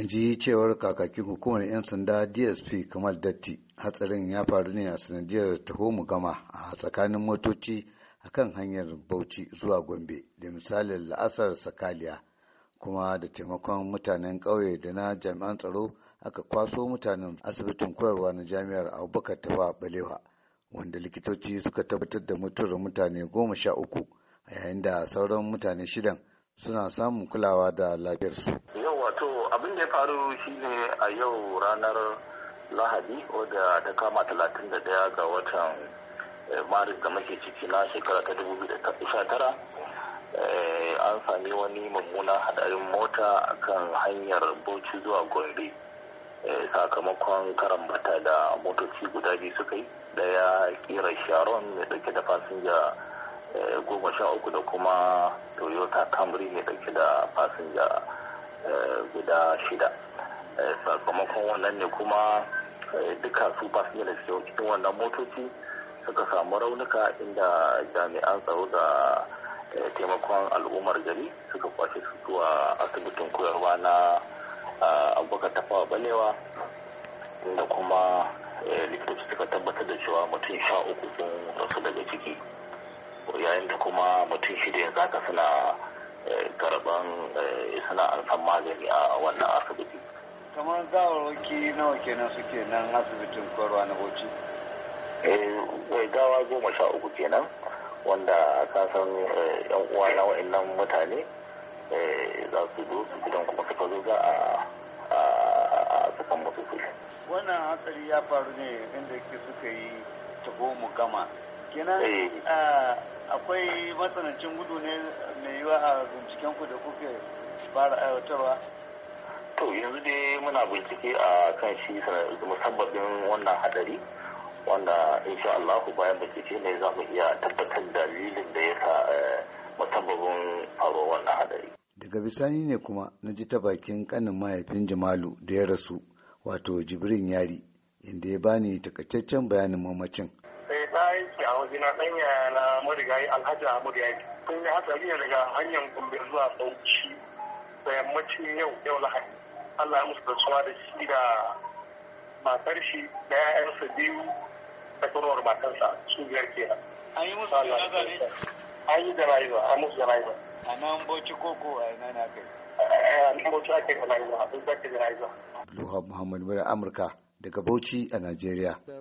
in ji cewar kakakin hukumar 'yan sanda dsp kamar datti hatsarin ya faru ne a sanadiyar taho mu gama a tsakanin motoci a kan hanyar bauchi zuwa gombe da misalin la'asar sakaliya kuma da taimakon mutanen kauye da na jami'an tsaro aka kwaso mutanen asibitin koyarwa na jami'ar abubakar tafa balewa wanda likitoci suka tabbatar da mutuwar mutane goma sha uku a yayin da sauran mutane shidan suna samun kulawa da lafiyarsu. wato abin da ya faru shine a yau ranar lahadi wadda ta kama 31 ga watan eh, maris da muke ciki na shekara ta 2019 eh, an sami wani mummunan hadarin mota a kan hanyar bauchi zuwa gombe eh, sakamakon karambata da motoci guda biyu suka yi daya kira sharon mai dauke da fasinja goma sha uku da kuma toyota camry mai dauke da fasinja Eh, guda shida eh, sakamakon wannan ne kuma eh, duka su fasinja da suke cikin wannan motoci suka samu raunuka inda jami'an tsaro da taimakon al'ummar gari suka kwashe su zuwa asibitin koyarwa na abubakar tafa balewa inda kuma likitoci suka tabbatar da cewa mutum sha uku sun rasu daga ciki yayin da kuma mutum shida ya zaka suna kan suna alfan magani a wannan asibiti kamar gawarwaki nawa kenan suke nan asibitin korwa na bauchi eh gawa goma sha uku kenan wanda ka san eh, yan uwa na wa'annan mutane eh, za su zo su gidan kuma suka zo za a sukan wannan hatsari ya faru ne inda suka yi taho mu gama kenan eh. akwai matsanancin gudu ne mai yiwa a binciken ku da kuke fara aiwatarwa to yanzu dai muna bincike a kan shi musabbabin wannan hadari wanda insha Allah bayan bincike ne za mu iya tabbatar dalilin da ya sa eh, musabbabin faruwar wannan hadari daga bisani ne kuma na ji ta bakin kanin mahaifin Jamalu da ya rasu wato Jibrin Yari inda ya bani takaitaccen bayanin mamacin waje na ɗanya na marigayi alhaji ahmad ya yi sun yi hatsari ne daga hanyar gombe zuwa bauchi da yammacin yau yau lahadi allah ya musu da suwa da shi da matar shi da 'ya'yansa biyu da kurwar matarsa su biyar ke nan. an yi musu da ne an yi da rayuwa an musu da rayuwa. a nan bauchi koko a yi eh, a nan bauchi ake Muhammad Mura Amurka daga Bauchi a Najeriya.